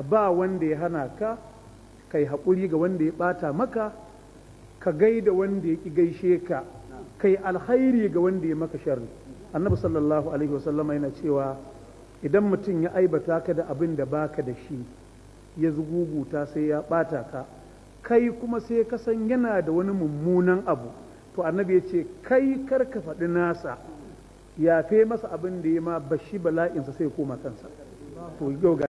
ka ba wanda ya hana ka ka yi haƙuri ga wanda ya ɓata maka ka gaida wanda ya ƙi gaishe ka ka yi alkhairi ga wanda ya maka sharri annabi sallallahu alaihi wasallama yana cewa idan mutum ya aibata ka da abin da baka da shi ya zuguguta sai ya ɓata ka kai kuma sai ka san yana da wani mummunan abu to annabi ya ce kai kar ka faɗi nasa yafe masa abin da ya ma bashi bala'insa sai koma kansa to yau